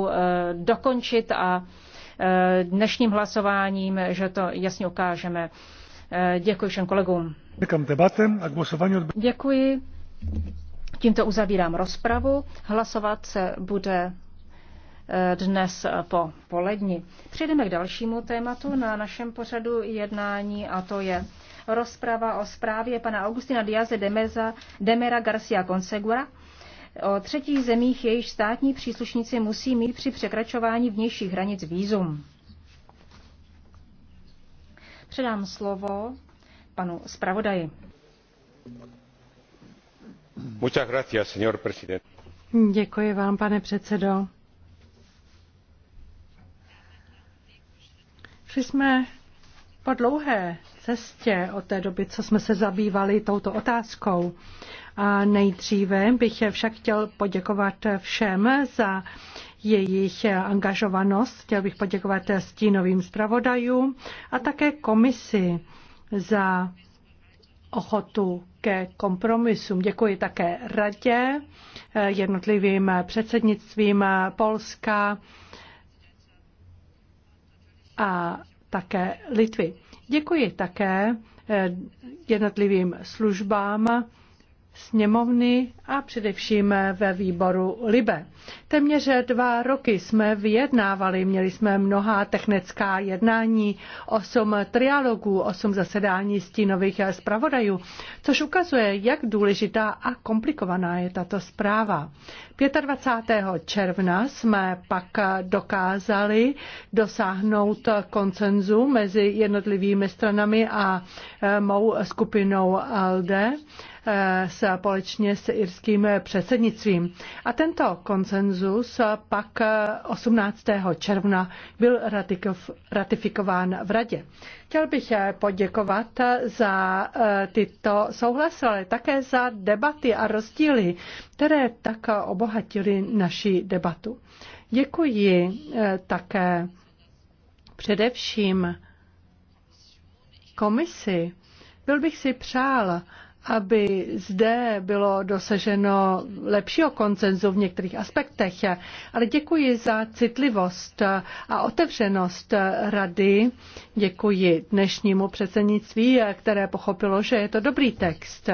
Eh, dokončit a eh, dnešním hlasováním, že to jasně ukážeme. Eh, děkuji všem kolegům. Děkuji. Tímto uzavírám rozpravu. Hlasovat se bude dnes po poledni. Přejdeme k dalšímu tématu na našem pořadu jednání a to je rozprava o zprávě pana Augustina Diaze Demera Garcia Consegura o třetích zemích, jejichž státní příslušníci musí mít při překračování vnějších hranic výzum. Předám slovo panu zpravodaji. Děkuji vám, pane předsedo. Šli jsme po dlouhé cestě od té doby, co jsme se zabývali touto otázkou, a nejdříve bych však chtěl poděkovat všem za jejich angažovanost. Chtěl bych poděkovat stínovým zpravodajům a také komisi za ochotu ke kompromisům. Děkuji také radě, jednotlivým předsednictvím Polska a také Litvy. Děkuji také eh, jednotlivým službám sněmovny a především eh, ve výboru LIBE. Téměř dva roky jsme vyjednávali, měli jsme mnohá technická jednání, osm trialogů, osm zasedání stínových eh, zpravodajů, což ukazuje, jak důležitá a komplikovaná je tato zpráva. 25. června jsme pak dokázali dosáhnout koncenzu mezi jednotlivými stranami a e, mou skupinou ALDE e, společně s irským předsednictvím. A tento koncenzus pak 18. června byl ratifikován v Radě. Chtěl bych e, poděkovat za tyto souhlasy, ale také za debaty a rozdíly, které tak obohatily obohatili naši debatu. Děkuji eh, také především komisi. Byl bych si přál, aby zde bylo dosaženo lepšího koncenzu v některých aspektech. Ale děkuji za citlivost a otevřenost rady. Děkuji dnešnímu předsednictví, které pochopilo, že je to dobrý text,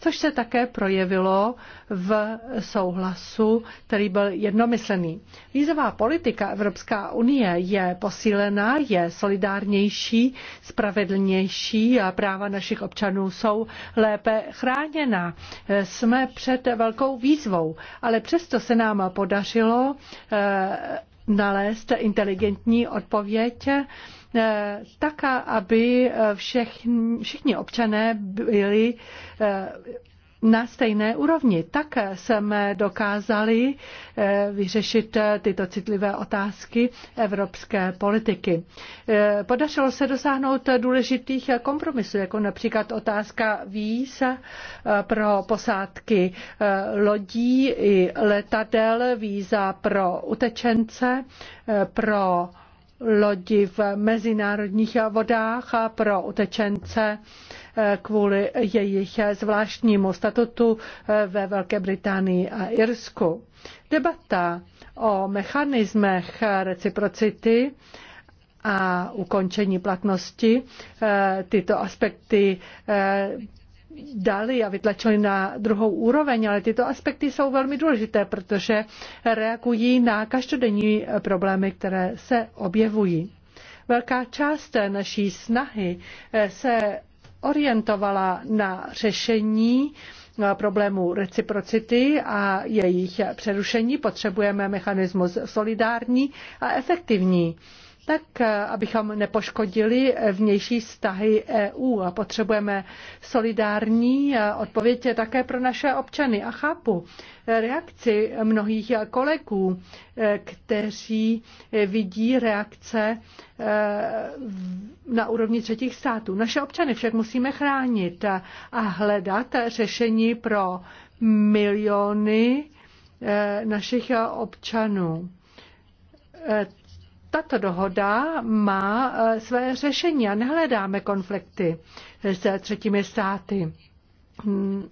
což se také projevilo v souhlasu, který byl jednomyslný. Vízová politika Evropská unie je posílená, je solidárnější, spravedlnější a práva našich občanů jsou lépe lépe chráněna. Eh, jsme před velkou výzvou, ale přesto se nám podařilo eh, nalézt inteligentní odpověď eh, tak, aby všichni občané byli na stejné úrovni. Tak jsme dokázali eh, vyřešit eh, tyto citlivé otázky evropské politiky. Eh, podařilo se dosáhnout důležitých kompromisů, jako například otázka víz pro posádky lodí i letadel, víza pro utečence, pro lodi v mezinárodních vodách a pro utečence kvůli jejich zvláštnímu statutu eh, ve Velké Británii a Irsku. Debata o mechanismech reciprocity a ukončení platnosti eh, tyto aspekty eh, dali a vytlačili na druhou úroveň, ale tyto aspekty jsou velmi důležité, protože reagují na každodenní problémy, které se objevují. Velká část naší snahy se orientovala na řešení eh, problému reciprocity a jejich přerušení. Potřebujeme mechanismus solidární a efektivní tak eh, abychom nepoškodili vnější vztahy EU. a Potřebujeme solidární eh, odpověď také pro naše občany. A chápu eh, reakci mnohých kolegů, kteří vidí reakce na úrovni třetích států. Naše občany však musíme chránit a hledat řešení pro miliony našich občanů tato dohoda má eh, své řešení a nehledáme konflikty s třetími státy. Hmm,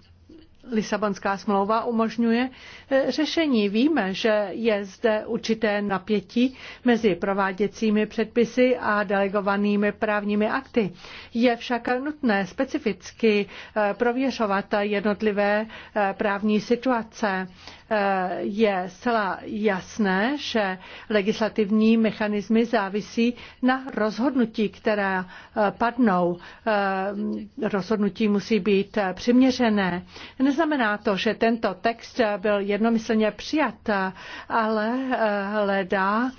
Lisabonská smlouva umožňuje eh, řešení. Víme, že je zde určité napětí mezi prováděcími předpisy a delegovanými právními akty. Je však nutné specificky eh, prověřovat jednotlivé právní situace. Eh, je zcela jasné, že legislativní mechanismy závisí na rozhodnutí, která eh, padnou. Eh, rozhodnutí musí být přiměřené. Neznamená to, že tento text byl jednomyslně přijat, ale hledá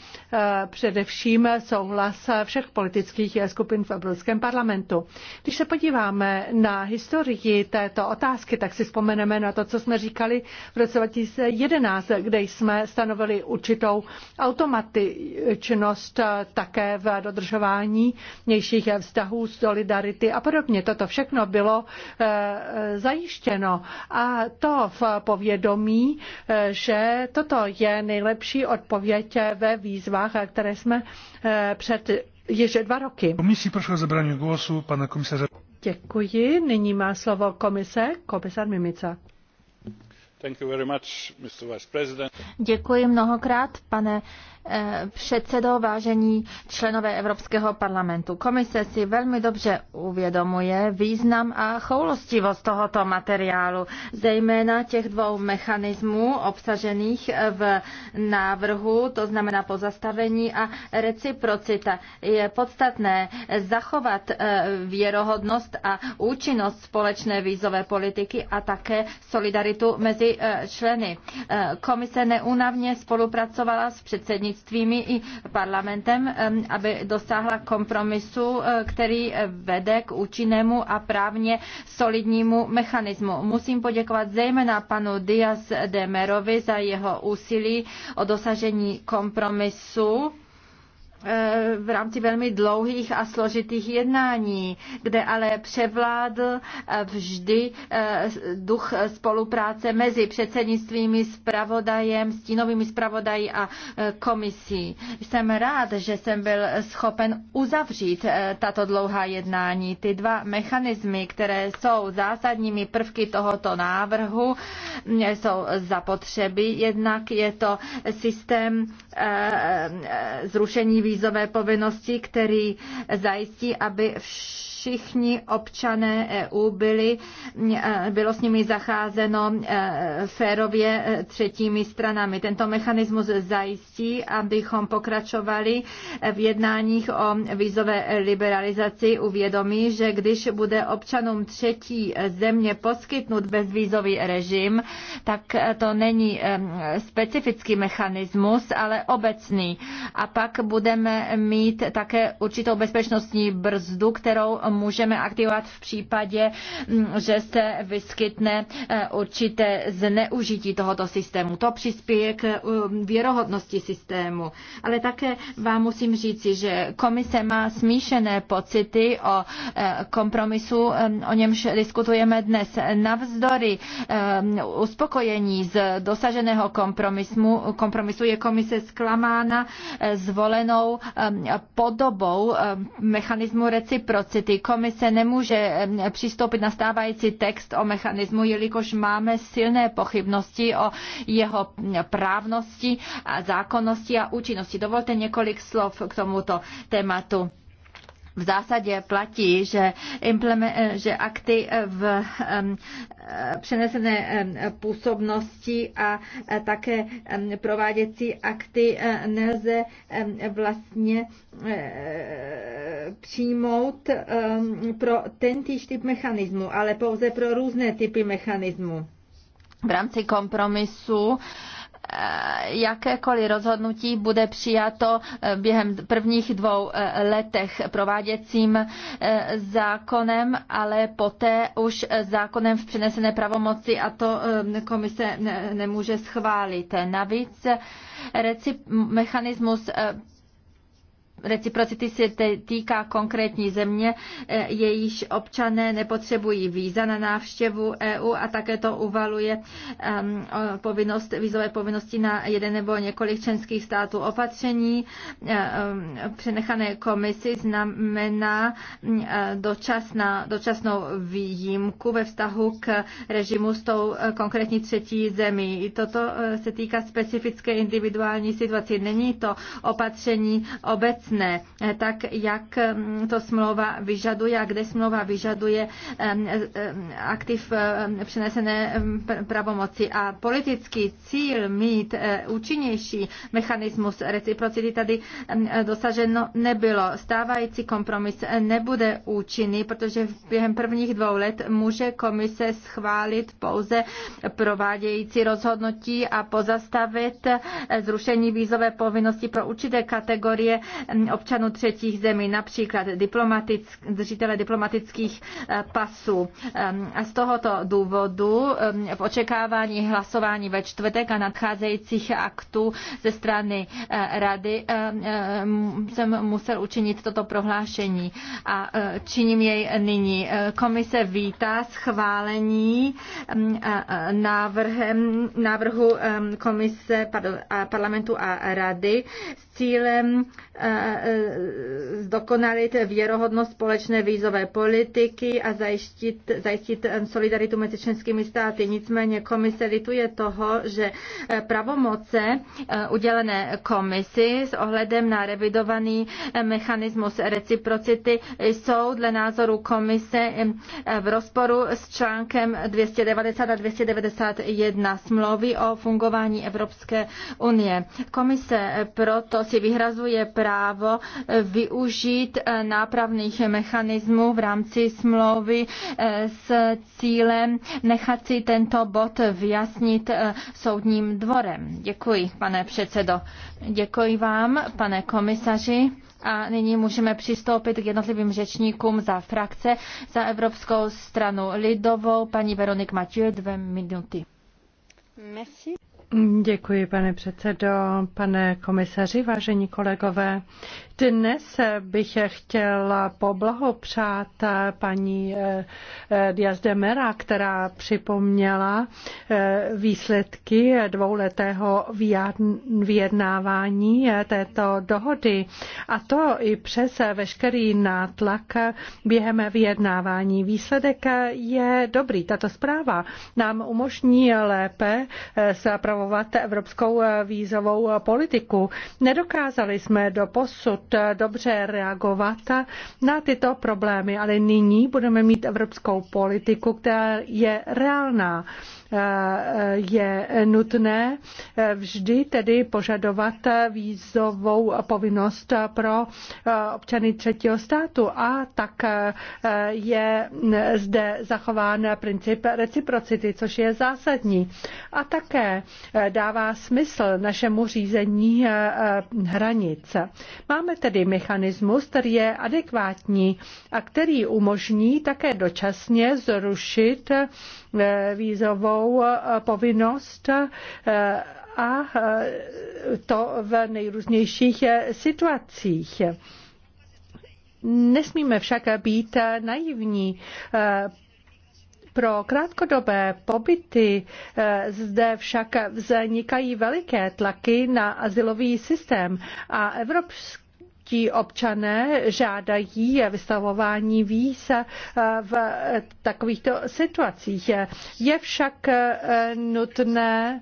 především souhlas všech politických skupin v Evropském parlamentu. Když se podíváme na historii této otázky, tak si vzpomeneme na to, co jsme říkali v roce 2000 2011, kde jsme stanovili určitou automatičnost také v dodržování vnějších vztahů, solidarity a podobně. Toto všechno bylo eh, zajištěno a to v povědomí, eh, že toto je nejlepší odpověď ve výzvách, které jsme eh, před již dva roky. Komisí prošlo zabrání głosu pana komisaře. Děkuji. Nyní má slovo komise, komisar Mimica. Děkuji mnohokrát, pane Eh, předsedo, vážení členové Evropského parlamentu. Komise si velmi dobře uvědomuje význam a choulostivost tohoto materiálu, zejména těch dvou mechanismů obsažených v návrhu, to znamená pozastavení a reciprocita. Je podstatné zachovat eh, věrohodnost a účinnost společné vízové politiky a také solidaritu mezi eh, členy. Komise neúnavně spolupracovala s předsední předsednictvími i parlamentem, aby dosáhla kompromisu, eh, který eh, vede k účinnému a právně solidnímu mechanismu. Musím poděkovat zejména panu Diaz de Merovi za jeho úsilí o dosažení kompromisu Eh, v rámci velmi dlouhých a složitých jednání, kde ale převládl eh, vždy eh, duch spolupráce mezi předsednictvími, spravodajem, stínovými spravodají a komisí. Jsem rád, že jsem byl schopen uzavřít tato dlouhá jednání. Ty dva mechanismy, které jsou zásadními prvky tohoto návrhu, mm, jsou zapotřeby. Jednak je to systém zrušení vízové povinnosti, který zajistí, aby vš- všichni občané EU byli, eh, bylo s nimi zacházeno eh, férově eh, třetími stranami. Tento mechanismus zajistí, abychom pokračovali v jednáních o vízové liberalizaci uvědomí, že když bude občanům třetí země poskytnut bezvízový režim, tak to není specifický mechanismus, ale obecný. A pak budeme mít také určitou bezpečnostní brzdu, kterou můžeme aktivovat v případě, mm, že se vyskytne eh, určité zneužití tohoto systému. To přispěje k eh, věrohodnosti systému. Ale také vám musím říci, že komise má smíšené pocity o eh, kompromisu, o němž diskutujeme dnes. Navzdory uspokojení z dosaženého kompromisu, kompromisu je komise zklamána zvolenou podobou mechanismu reciprocity komise nemůže přistoupit na stávající text o mechanismu, jelikož máme silné pochybnosti o jeho právnosti a zákonnosti a účinnosti. Dovolte několik slov k tomuto tématu v zásadě platí, že, že akty v přenesené působnosti a e, také prováděcí akty e, nelze vlastně e, přijmout pro tentýž typ mechanismu, ale pouze pro různé typy mechanismu. V rámci kompromisu Eh, jakékoliv rozhodnutí bude přijato eh, během prvních dvou eh, letech prováděcím zákonem, ale poté už zákonem v přenesené pravomoci a to komise nemůže schválit. Navíc mechanismus reciprocity se týká konkrétní země, e, jejíž občané nepotřebují víza na návštěvu EU a také to uvaluje povinnost, vízové povinnosti na jeden nebo několik členských států. Opatření e, přenechané komisi znamená e, dočasná, dočasnou výjimku ve vztahu k režimu s tou konkrétní třetí zemí. I toto se týká specifické individuální situace. Není to opatření obecné, jasné, eh, tak jak mm, to smlouva vyžaduje a kde smlouva vyžaduje eh, eh, aktiv přenesené pravomoci. A politický cíl mít účinnější mechanismus reciprocity tady dosaženo nebylo. Stávající kompromis nebude účinný, protože během prvních dvou let může komise schválit pouze provádějící rozhodnutí a pozastavit zrušení vízové povinnosti pro určité kategorie občanů třetích zemí, například diplomatick, držitele diplomatických eh, pasů. Ehm, a z tohoto důvodu ehm, v očekávání hlasování ve čtvrtek a nadcházejících aktů ze strany eh, rady ehm, jsem musel učinit toto prohlášení a eh, činím jej nyní. Komise vítá schválení návrhem, návrhu komise pardon, parlamentu a rady s cílem eh, eh, zdokonalit věrohodnost společné výzové politiky a zajistit, zajistit solidaritu mezi členskými státy. Nicméně komise lituje toho, že eh, pravomoce udělené komisi s ohledem na revidovaný mechanismus reciprocity jsou dle názoru komise v rozporu s článkem 290 a 291 smlouvy o fungování Evropské unie. Komise proto si vyhrazuje právo eh, využít eh, nápravných mechanismů v rámci smlouvy eh, s cílem nechat si tento bod vyjasnit soudním dvorem. Děkuji, pane předsedo. Děkuji vám, pane komisaři. A nyní můžeme přistoupit k jednotlivým řečníkům za frakce. Za Evropskou stranu lidovou paní Veronik Matěje, dvě minuty. Merci. Děkuji, pane předsedo, pane komisaři, vážení kolegové. Dnes bych chtěla poblahopřát paní eh, eh, Diaz de Mera, která připomněla eh, výsledky dvouletého vyjednávání této dohody. A to i přes veškerý nátlak během vyjednávání. Výsledek je dobrý. Tato zpráva nám umožní lépe zapravovat evropskou vízovou politiku. Nedokázali jsme do posud Eh, dobře reagovat eh, na tyto problémy, ale nyní budeme mít evropskou politiku, která je reálná je nutné eh, vždy tedy požadovat vízovou povinnost pro eh, občany třetího státu a tak eh, je zde zachován princip reciprocity, což je zásadní. A také dává smysl našemu řízení hranic. Máme tedy mechanismus, který je adekvátní a který umožní také dočasně zrušit vízovou eh, povinnost eh, a eh, to v nejrůznějších situacích. Nesmíme však být naivní pro krátkodobé pobyty zde však vznikají veliké tlaky na asilový systém a Evropská čeští občané žádají vystavování víz eh, v takovýchto situacích. Je však eh, nutné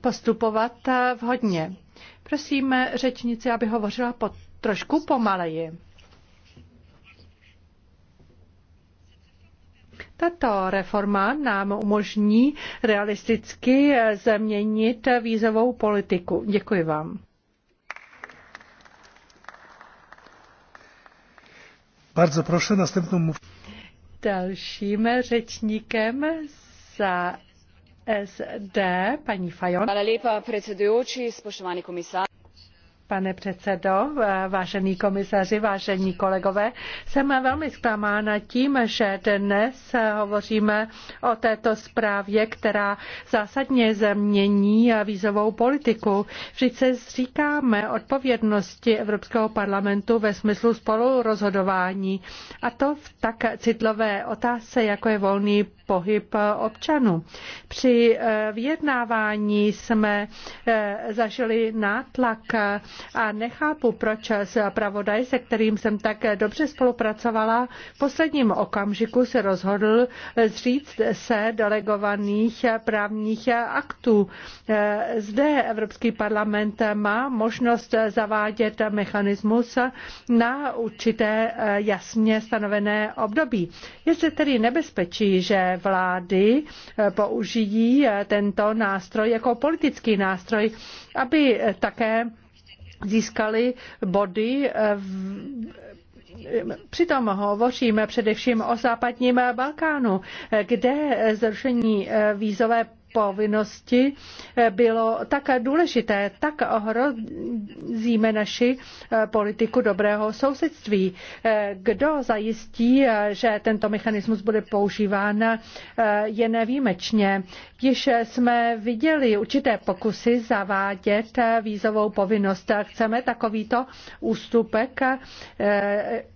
postupovat eh, vhodně. Prosím řečnici, aby hovořila po, trošku pomaleji. Tato reforma nám umožní realisticky změnit vízovou politiku. Děkuji vám. Bardzo proszę, następną mów... Dalším řečníkem za SD, pani Fajon. Hvala lepa, predsedujoči, spoštovani komisar. Pane předsedo, vážení komisaři, vážení kolegové, jsem velmi zklamána tím, že dnes hovoříme o této zprávě, která zásadně změní vízovou politiku. Vždyť se zříkáme odpovědnosti Evropského parlamentu ve smyslu spolurozhodování a to v tak citlové otázce, jako je volný pohyb občanů. Při eh, vyjednávání jsme eh, zažili nátlak a nechápu, proč zpravodaj, se kterým jsem tak dobře spolupracovala, v posledním okamžiku se rozhodl zříct se delegovaných právních aktů. Zde Evropský parlament má možnost zavádět mechanismus na určité jasně stanovené období. Je zde tedy nebezpečí, že vlády použijí tento nástroj jako politický nástroj, aby také získali body eh, Přitom hovoříme především o západním Balkánu, eh, kde zrušení eh, vízové povinnosti eh, bylo tak důležité, tak ohrozíme naši eh, politiku dobrého sousedství. Eh, kdo zajistí, že tento mechanismus bude používán jen výjimečně? Již jsme viděli určité pokusy zavádět vízovou povinnost. Chceme takovýto ústupek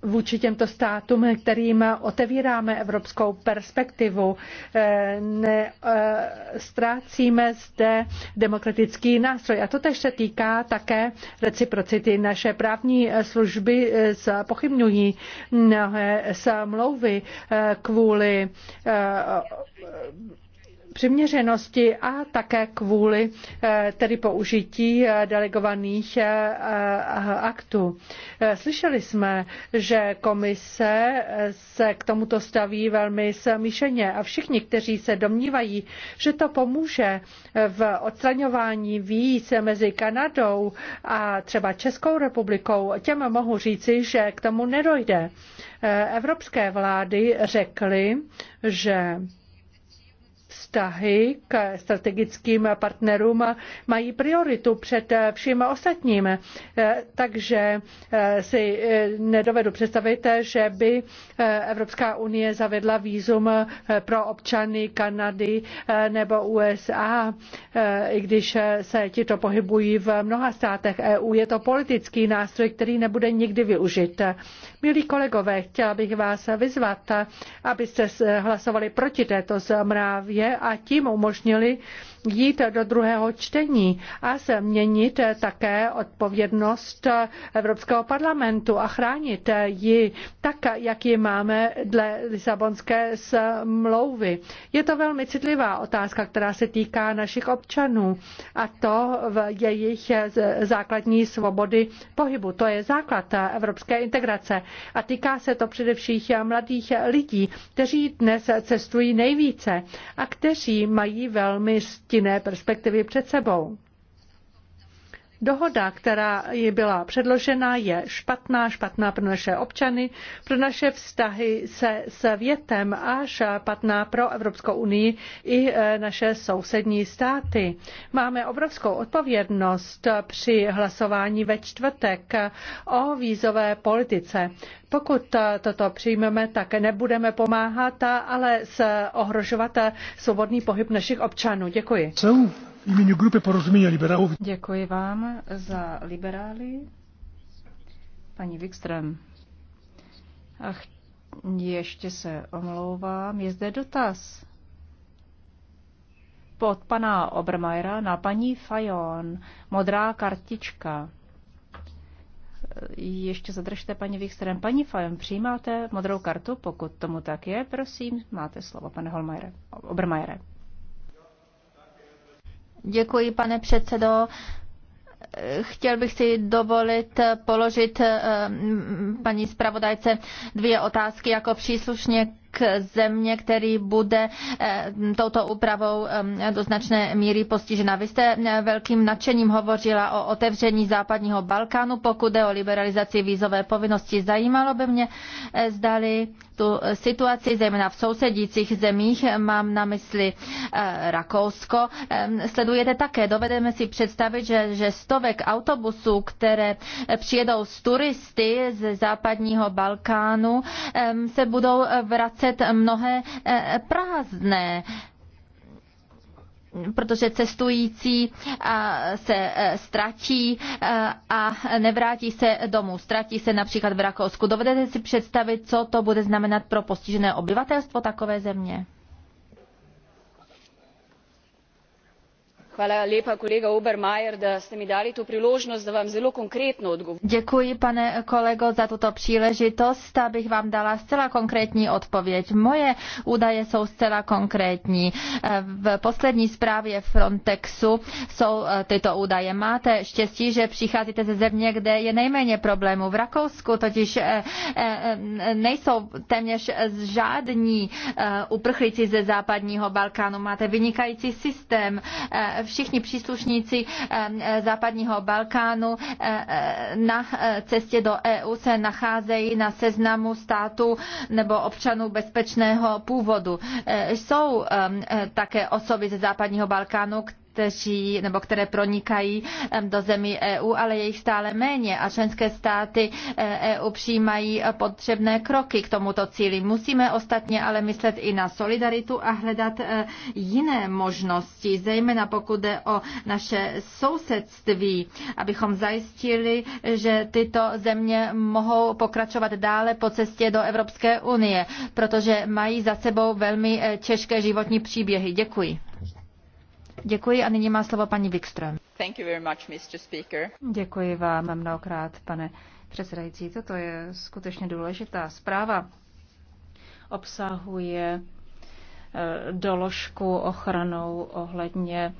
vůči těmto státům, kterým otevíráme evropskou perspektivu. Ne, ztrácíme zde demokratický nástroj. A to tež se týká také reciprocity. Naše právní služby eh, pochybňují mnohé eh, smlouvy eh, kvůli přiměřenosti a také kvůli eh, tedy použití eh, delegovaných eh, aktů. Slyšeli jsme, že komise se k tomuto staví velmi smíšeně a všichni, kteří se domnívají, že to pomůže v odstraňování víz mezi Kanadou a třeba Českou republikou, těm mohu říci, že k tomu nedojde. Evropské vlády řekly, že vztahy k strategickým partnerům mají prioritu před vším ostatním. Takže si nedovedu představit, že by Evropská unie zavedla výzum pro občany Kanady nebo USA, i když se tito pohybují v mnoha státech EU. Je to politický nástroj, který nebude nikdy využit. Milí kolegové, chtěla bych vás vyzvat, abyste hlasovali proti této zmrávě je a tím umožnili jít do druhého čtení a změnit také odpovědnost Evropského parlamentu a chránit ji tak, jak ji máme dle Lisabonské smlouvy. Je to velmi citlivá otázka, která se týká našich občanů a to v jejich základní svobody pohybu. To je základ evropské integrace a týká se to především mladých lidí, kteří dnes cestují nejvíce a kteří mají velmi stěžení jiné perspektivy před sebou. Dohoda, která ji byla předložena, je špatná, špatná pro naše občany, pro naše vztahy se světem a špatná pro Evropskou unii i e, naše sousední státy. Máme obrovskou odpovědnost při hlasování ve čtvrtek o vízové politice. Pokud toto přijmeme, tak nebudeme pomáhat, ale ohrožovat svobodný pohyb našich občanů. Děkuji. Co? jménu grupy porozumění liberálů. Děkuji vám za liberály, paní Wikström. Ach, ještě se omlouvám, je zde dotaz pod pana Obermajera na paní Fajon. Modrá kartička. Ještě zadržte paní Wikström. Paní Fajon, přijímáte modrou kartu? Pokud tomu tak je, prosím, máte slovo, pane Holmajere, Obermajere. Děkuji, pane předsedo. Chtěl bych si dovolit položit eh, paní zpravodajce dvě otázky jako příslušně země, který bude eh, touto úpravou eh, do značné míry postižena. Vy jste eh, velkým nadšením hovořila o otevření západního Balkánu, pokud je o liberalizaci vízové povinnosti. Zajímalo by mě, zdali tu situaci, zejména v sousedících zemích, mám na mysli Rakousko, sledujete také. Dovedeme si představit, že, že stovek autobusů, které přijedou z turisty z západního Balkánu, se budou vracet vracet mnohé eh, prázdné protože cestující eh, se eh, ztratí a nevrátí se domů. Ztratí se například v Rakousku. Dovedete si představit, co to bude znamenat pro postižené obyvatelstvo takové země? hvala lepa kolega obermayr da ste mi dali to priložnost da vam zelo konkrétno odgovorim. děkuji pane kolego za tuto příležitost abych vám dala zcela konkrétní odpověď. moje údaje jsou zcela konkrétní. v poslední zprávě frontexu jsou eh, tyto údaje. máte štěstí že přicházíte ze země kde je nejméně problémů. v rakousku totiž eh, eh, nejsou téměř žádní uprchlíci ze západního balkánu. máte vynikající systém všichni příslušníci eh, eh, západního Balkánu eh, na cestě do EU se nacházejí na seznamu státu nebo občanů bezpečného původu. Jsou ehm, také osoby ze západního Balkánu, kteří, nebo které pronikají do zemí EU, ale je jich stále méně a členské státy EU eh, e přijímají potřebné kroky k tomuto cíli. Musíme ostatně ale myslet i na solidaritu a hledat eh, jiné možnosti, zejména pokud jde o naše sousedství, abychom zajistili, že tyto země mohou pokračovat dále po cestě do Evropské unie, protože mají za sebou velmi eh, těžké životní příběhy. Děkuji. Děkuji a nyní má slovo paní Wikström. Děkuji vám mnohokrát, pane předsedající. Toto je skutečně důležitá zpráva. Obsahuje doložku ochranou ohledně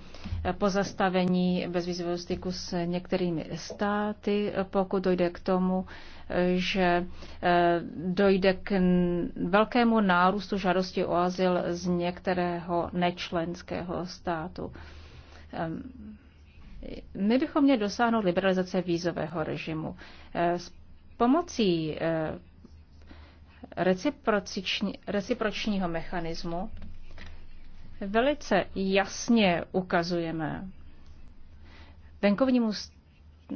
pozastavení bezvýzového styku s některými státy, pokud dojde k tomu, že eh, dojde k velkému nárůstu žádosti o azyl z některého nečlenského státu. Ehm, my bychom měli dosáhnout liberalizace vízového režimu. Eh, s pomocí eh, recipročního mechanismu velice jasně ukazujeme venkovnímu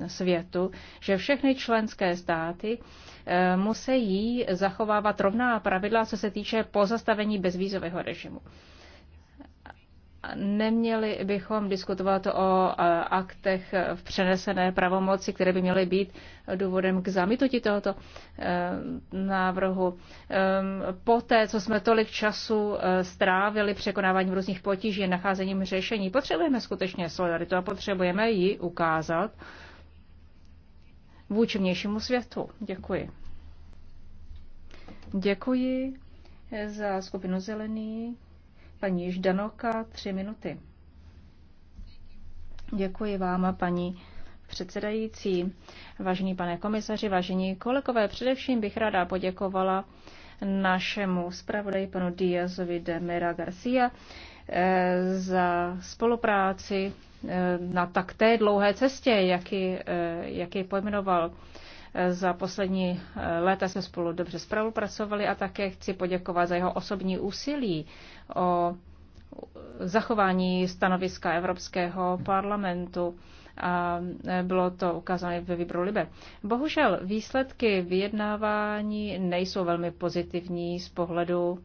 světu, že všechny členské státy eh, musí zachovávat rovná pravidla, co se týče pozastavení bezvízového režimu neměli bychom diskutovat o e, aktech v přenesené pravomoci, které by měly být důvodem k zamítnutí tohoto e, návrhu. Poté, co jsme tolik času e, strávili překonáváním různých potíží a nacházením řešení, potřebujeme skutečně solidaritu a potřebujeme ji ukázat vůči vnějšímu světu. Děkuji. Děkuji za skupinu zelených. Paní Ždanoka, tři minuty. Děkuji vám, paní předsedající, vážený pane komisaři, vážení kolegové. Především bych ráda poděkovala našemu zpravodaji panu Díazovi de Mera Garcia eh, za spolupráci eh, na tak té dlouhé cestě, jak ji, eh, jak ji pojmenoval. Za poslední eh, léta jsme spolu dobře spolupracovali a také chci poděkovat za jeho osobní úsilí o zachování stanoviska Evropského parlamentu a eh, bylo to ukázané ve výboru Libe. Bohužel výsledky vyjednávání nejsou velmi pozitivní z pohledu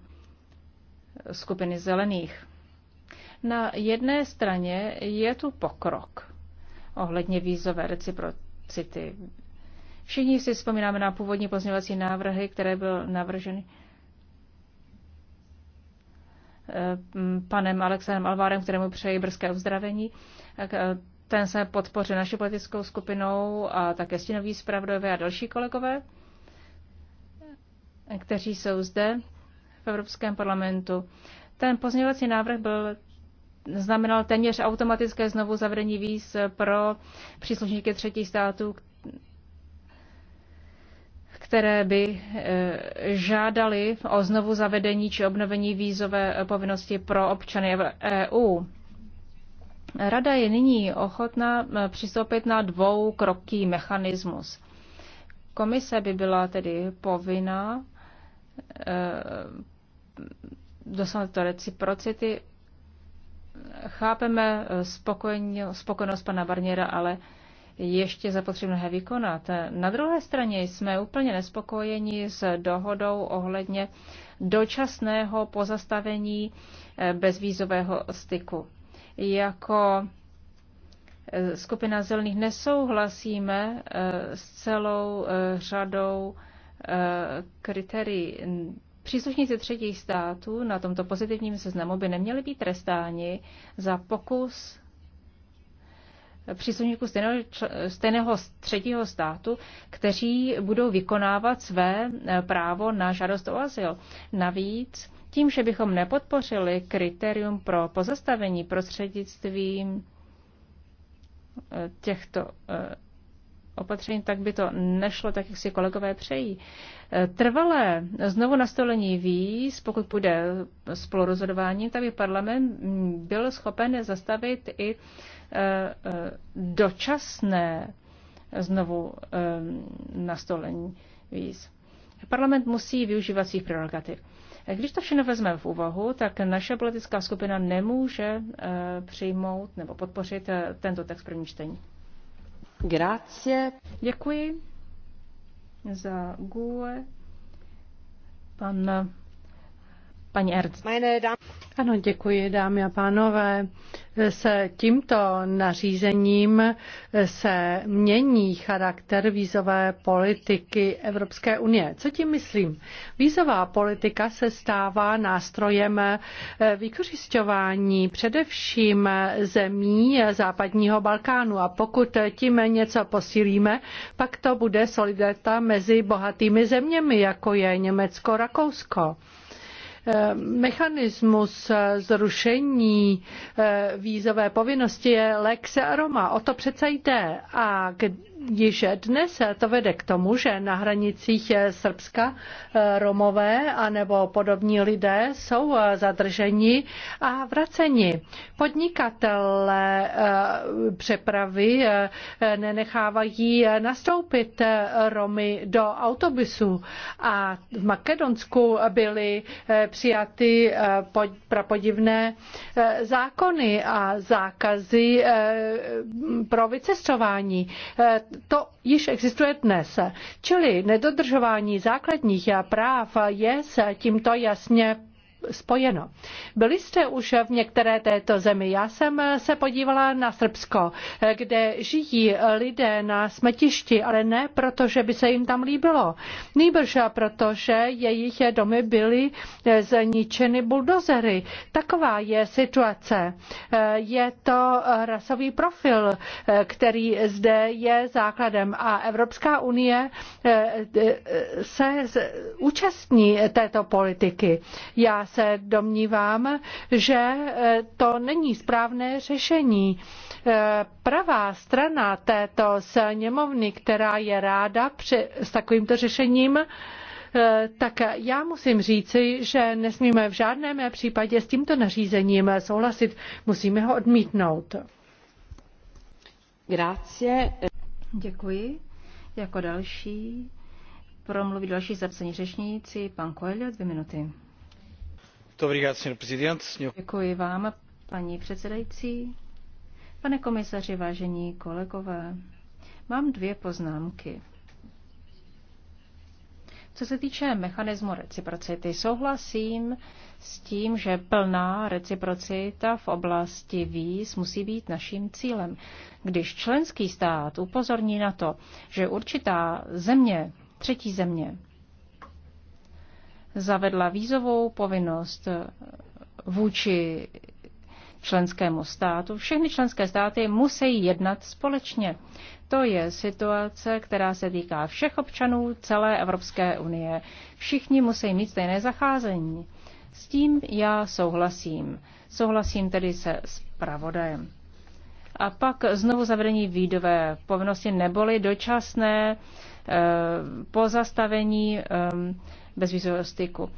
skupiny zelených. Na jedné straně je tu pokrok ohledně vízové reciprocity Všichni si vzpomínáme na původní pozměňovací návrhy, které byly navrženy eh, panem Alexem Alvárem, kterému přeji brzké uzdravení. Eh, ten se podpoří naší politickou skupinou a také stinoví zpravodajové a další kolegové, kteří jsou zde v Evropském parlamentu. Ten pozměňovací návrh byl znamenal téměř automatické znovu zavedení víz pro příslušníky třetích států, které by eh, žádali o znovu zavedení či obnovení vízové povinnosti pro občany EU. Rada je nyní ochotná eh, přistoupit na dvou kroký mechanismus. Komise by byla tedy povinna eh, dosáhnout to reciprocity. Chápeme spokojenost pana Barniera, ale ještě zapotřebné vykonat. Na druhé straně jsme úplně nespokojeni s dohodou ohledně dočasného pozastavení eh, bezvízového styku. Jako eh, skupina zelených nesouhlasíme eh, s celou řadou kritérií. Příslušníci třetích států na tomto pozitivním seznamu by neměli být trestáni za pokus příslušníků stejného, stejného třetího státu, kteří budou vykonávat své e, právo na žádost o azyl. Navíc tím, že bychom nepodpořili kritérium pro pozastavení prostřednictvím e, těchto e, opatření, tak by to nešlo tak, jak si kolegové přejí. Eh, trvalé znovu nastolení víz, pokud půjde spolurozhodování, tak by parlament byl schopen zastavit i eh, eh, dočasné znovu nastolení víz. Parlament musí využívat svých prerogativ. Když to všechno vezmeme v úvahu, tak naše politická skupina nemůže přijmout nebo podpořit tento text první čtení. Grazie. Děkuji za gůle. Pan Paní Ernst. Ano, děkuji, dámy a pánové. S tímto nařízením se mění charakter vízové politiky Evropské unie. Co tím myslím? Vízová politika se stává nástrojem eh, vykořišťování především zemí západního Balkánu a pokud tím něco posílíme, pak to bude solidarita mezi bohatými zeměmi, jako je Německo, Rakousko. Eh, mechanismus eh, zrušení eh, vízové povinnosti je lex aroma. O to přece jde. A Již dnes to vede k tomu, že na hranicích Srbska eh, Romové a nebo podobní lidé jsou eh, zadrženi a vraceni. Podnikatele eh, přepravy nenechávají nastoupit Romy do autobusu a v Makedonsku byly přijaty prapodivné zákony a zákazy pro vycestování to již existuje dnes. Čili nedodržování základních práv je s tímto jasně spojeno. Byli jste už v některé této zemi. Já jsem se podívala na Srbsko, kde žijí lidé na smetišti, ale ne proto, že by se jim tam líbilo. Nýbrž proto, že jejich domy byly zničeny buldozery. Taková je situace. Je to rasový profil, který zde je základem a Evropská unie eh, eh, se účastní této politiky. Já se domnívám, že eh, to není správné řešení. Eh, pravá strana této sněmovny, která je ráda při, s takovýmto řešením, eh, tak já musím říci, že nesmíme v žádném případě s tímto nařízením souhlasit. Musíme ho odmítnout. Grazie. Děkuji. Jako další promluví další zapsaní řečníci, pan Coelho, dvě minuty. Děkuji vám, paní předsedající. Pane komisaři, vážení kolegové, mám dvě poznámky. Co se týče mechanismu reciprocity, souhlasím s tím, že plná reciprocita v oblasti víz musí být naším cílem. Když členský stát upozorní na to, že určitá země, třetí země, zavedla vízovou povinnost vůči členskému státu. Všechny členské státy musí jednat společně. To je situace, která se týká všech občanů celé Evropské unie. Všichni musí mít stejné zacházení. S tím já souhlasím. Souhlasím tedy se zpravodajem. A pak znovu zavedení výdové povinnosti neboli dočasné eh, pozastavení eh, bezvízového styku.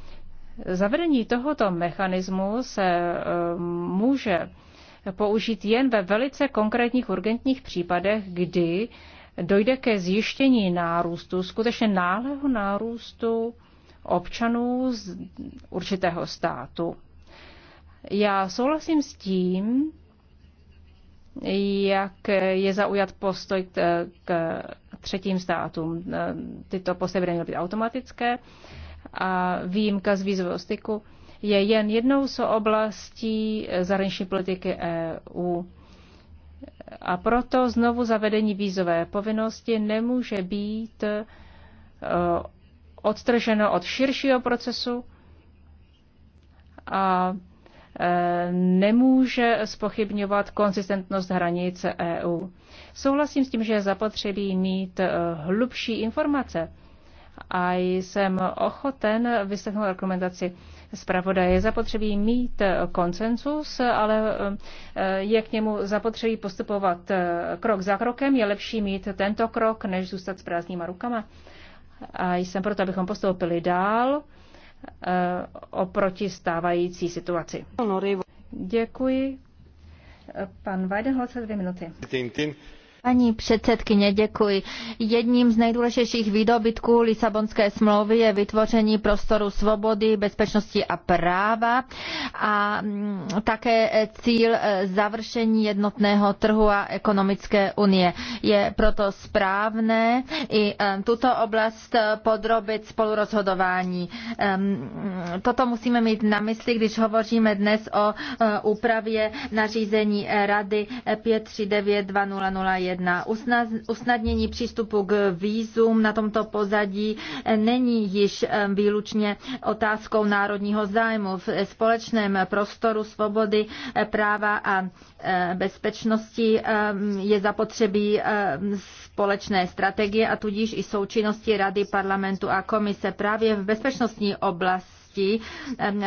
Zavedení tohoto mechanismu se e, může použít jen ve velice konkrétních urgentních případech, kdy dojde ke zjištění nárůstu, skutečně náhlého nárůstu občanů z určitého státu. Já souhlasím s tím, jak je zaujat postoj k, třetím státům. E, tyto postoje by neměly být automatické, a výjimka z vízového styku je jen jednou z oblastí zahraniční politiky EU. A proto znovu zavedení vízové povinnosti nemůže být e, odtrženo od širšího procesu a e, nemůže spochybňovat konsistentnost hranice EU. Souhlasím s tím, že je zapotřebí mít e, hlubší informace a jsem ochoten vyslechnout argumentaci zpravodaje. Zapotřebí mít koncensus, ale eh, je k němu zapotřebí postupovat eh, krok za krokem. Je lepší mít tento krok, než zůstat s prázdnýma rukama. A jsem proto, abychom postoupili dál eh, oproti stávající situaci. Děkuji. Pan Weidenholzer, dvě minuty. Paní předsedkyně, děkuji. Jedním z nejdůležitějších výdobytků Lisabonské smlouvy je vytvoření prostoru svobody, bezpečnosti a práva a mm, také cíl e, završení jednotného trhu a ekonomické unie. Je proto správné i e, tuto oblast e, podrobit spolurozhodování. Toto musíme mít na mysli, když hovoříme dnes o úpravě nařízení Rady 539 2001 Jedna. Usnadnění přístupu k výzum na tomto pozadí eh, není již eh, výlučně otázkou národního zájmu. V společném prostoru svobody, eh, práva a bezpečnosti je zapotřebí společné strategie a tudíž i součinnosti Rady, parlamentu a komise právě v bezpečnostní oblasti oblasti,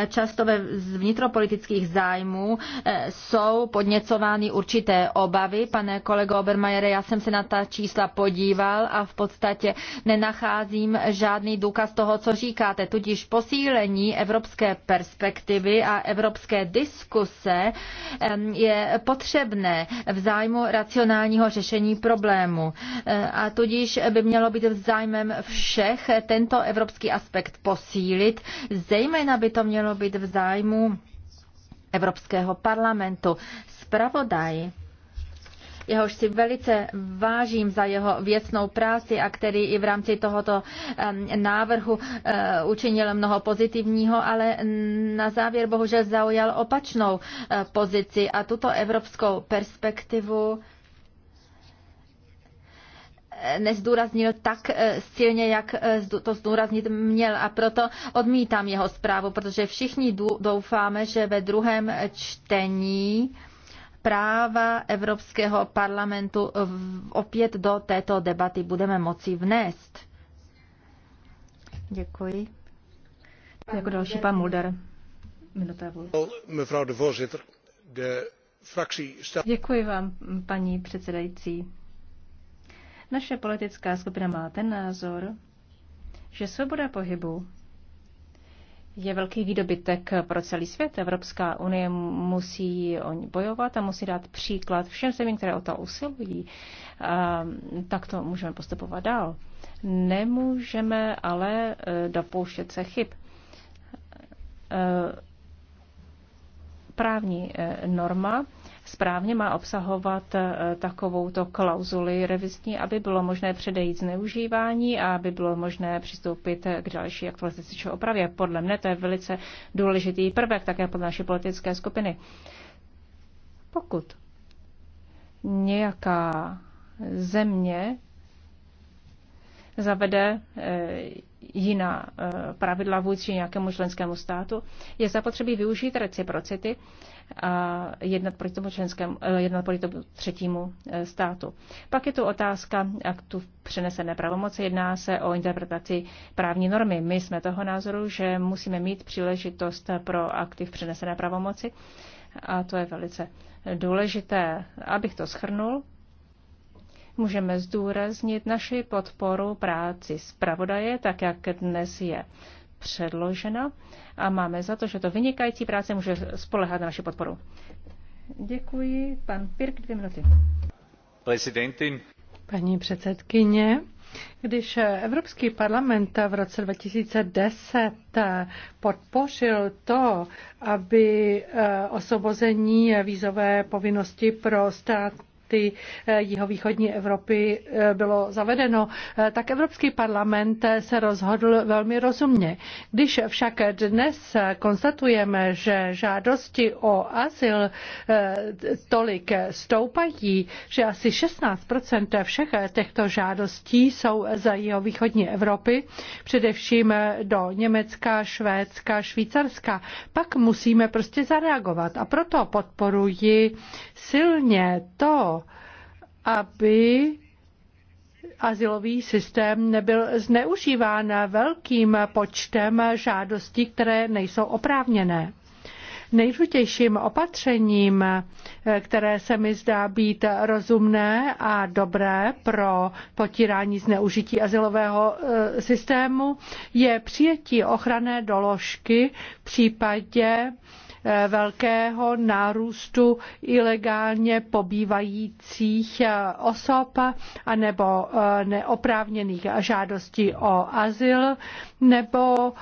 často ve vnitropolitických zájmů, eh, jsou podněcovány určité obavy. Pane kolego Obermajere, já jsem se na ta čísla podíval a v podstatě nenacházím žádný důkaz toho, co říkáte. Tudíž posílení evropské perspektivy a evropské diskuse je potřebné v zájmu racionálního řešení problému. Eh, a tudíž by mělo být v zájmem všech tento evropský aspekt posílit, Zejména by to mělo být v zájmu Evropského parlamentu. Spravodaj jehož si velice vážím za jeho věcnou práci a který i v rámci tohoto návrhu eh, učinil mnoho pozitivního, ale na závěr bohužel zaujal opačnou eh, pozici a tuto evropskou perspektivu nezdůraznil tak eh, silně, jak eh, to zdůraznit měl a proto odmítám jeho zprávu, protože všichni doufáme, že ve druhém čtení práva Evropského parlamentu opět do této debaty budeme moci vnést. Děkuji. Pán Jako další pan Mulder. Minuta Děkuji vám, paní předsedající naše politická skupina má ten názor, že svoboda pohybu je velký výdobytek pro celý svět. Evropská unie musí o ní bojovat a musí dát příklad všem zemím, které o to usilují. A, tak to můžeme postupovat dál. Nemůžeme ale e, dopouštět se chyb. E, právní e, norma správně má obsahovat eh, takovouto klauzuli revizní, aby bylo možné předejít zneužívání a aby bylo možné přistoupit k další aktualizaci či opravě. Podle mne to je velice důležitý prvek také pod naší politické skupiny. Pokud nějaká země zavede eh, jiná eh, pravidla vůči nějakému členskému státu, je zapotřebí využít reciprocity a jednat proti tomu, členskému, eh, jednat proti tomu třetímu eh, státu. Pak je tu otázka jak tu přenesené pravomoci. Jedná se o interpretaci právní normy. My jsme toho názoru, že musíme mít příležitost pro aktiv přenesené pravomoci a to je velice důležité. Abych to schrnul, můžeme zdůraznit naši podporu práci zpravodaje, tak jak dnes je předložena a máme za to, že to vynikající práce může spolehat na naši podporu. Děkuji. Pan Pirk, dvě minuty. Prezidentin. Paní předsedkyně, když Evropský parlament v roce 2010 podpořil to, aby eh, osobození vízové povinnosti pro stát státy eh, jihovýchodní Evropy eh, bylo zavedeno, eh, tak Evropský parlament se rozhodl velmi rozumně. Když však dnes konstatujeme, že žádosti o azyl tolik stoupají, že asi 16 všech těchto žádostí jsou za jihovýchodní Evropy, především do Německa, Švédska, Švýcarska, pak musíme prostě zareagovat. A proto podporuji silně to, aby azylový systém nebyl zneužíván velkým počtem žádostí, které nejsou oprávněné. Nejdůležitějším opatřením, které se mi zdá být rozumné a dobré pro potírání zneužití azylového eh, systému, je přijetí ochranné doložky v případě Eh, velkého nárůstu ilegálně pobývajících eh, osob anebo eh, neoprávněných žádostí o azyl nebo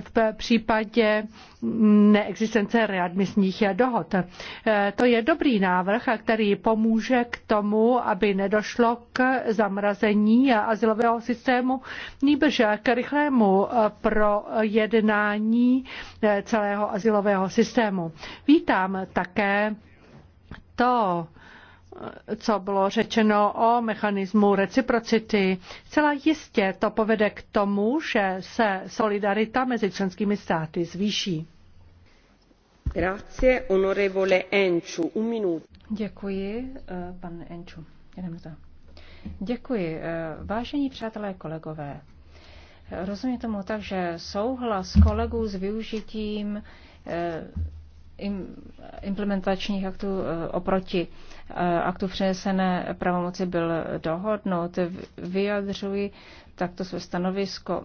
v případě neexistence readmisních dohod. Eh, to je dobrý návrh, který pomůže k tomu, aby nedošlo k zamrazení asilového systému, nýbrž k rychlému eh, projednání eh, celého asilového systému. Vítám také to, co bylo řečeno o mechanismu reciprocity. Celá jistě to povede k tomu, že se solidarita mezi členskými státy zvýší. Grazie, onorevole Enču. Un minut. Děkuji, eh, pan Enču. Jenom za. Děkuji. Eh, vážení přátelé, kolegové, eh, rozumím tomu tak, že souhlas kolegů s využitím implementačních aktů e, oproti e, aktu přenesené pravomoci byl dohodnout. Vyjadřuji takto své stanovisko.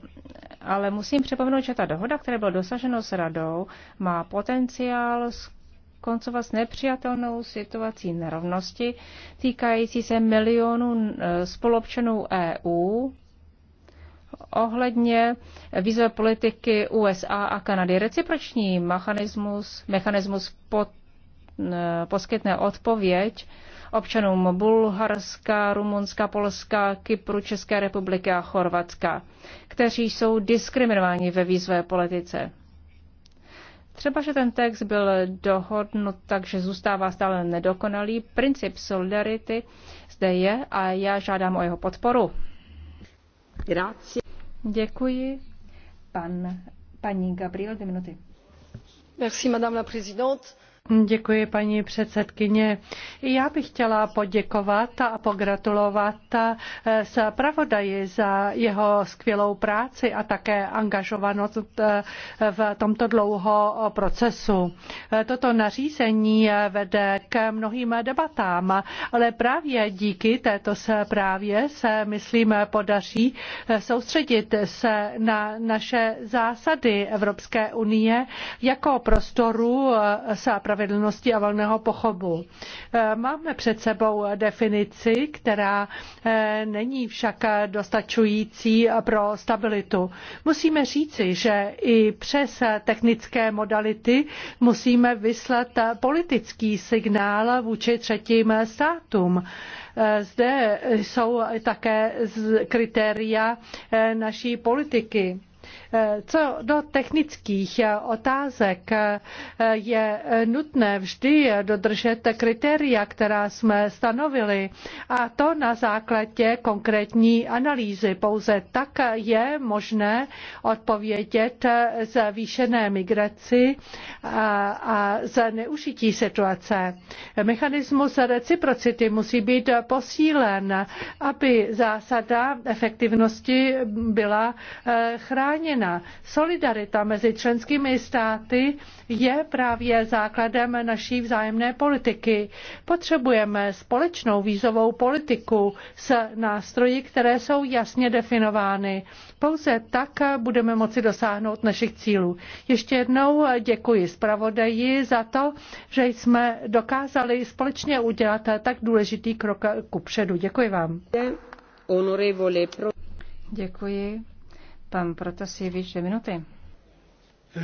Ale musím připomenout, že ta dohoda, která byla dosažena s radou, má potenciál skoncovat s nepřijatelnou situací nerovnosti týkající se milionů e, spolupčanů EU, ohledně vize politiky USA a Kanady. Reciproční mechanismus, mechanismus pod, eh, poskytne odpověď občanům Bulharska, Rumunska, Polska, Kypru, České republiky a Chorvatska, kteří jsou diskriminováni ve výzvé politice. Třeba, že ten text byl dohodnut tak, že zůstává stále nedokonalý, princip solidarity zde je a já žádám o jeho podporu. Grazie. Děkuji. Pan, paní Gabriel, dvě minuty. Merci, madame la présidente Děkuji, paní předsedkyně. Já bych chtěla poděkovat a pogratulovat eh, zpravodaji za jeho skvělou práci a také angažovanost eh, v tomto dlouho procesu. Eh, toto nařízení vede k mnohým debatám, ale právě díky této zprávě se, myslím, podaří soustředit se na naše zásady Evropské unie jako prostoru zpravodajství spravedlnosti a volného pochobu. Eh, máme před sebou definici, která eh, není však dostačující pro stabilitu. Musíme říci, že i přes technické modality musíme vyslat politický signál vůči třetím státům. Eh, zde jsou také kritéria naší politiky. Eh, co do technických eh, otázek eh, je nutné vždy dodržet kritéria, která jsme stanovili a to na základě konkrétní analýzy. Pouze tak je možné odpovědět zvýšené migraci a zneužití situace. Mechanismus reciprocity musí být posílen, aby zásada efektivnosti byla chráněna chráněna. Solidarita mezi členskými státy je právě základem naší vzájemné politiky. Potřebujeme společnou vízovou politiku s nástroji, které jsou jasně definovány. Pouze tak budeme moci dosáhnout našich cílů. Ještě jednou děkuji zpravodaji za to, že jsme dokázali společně udělat tak důležitý krok kupředu. Děkuji vám. Děkuji. Pan dvě minuty.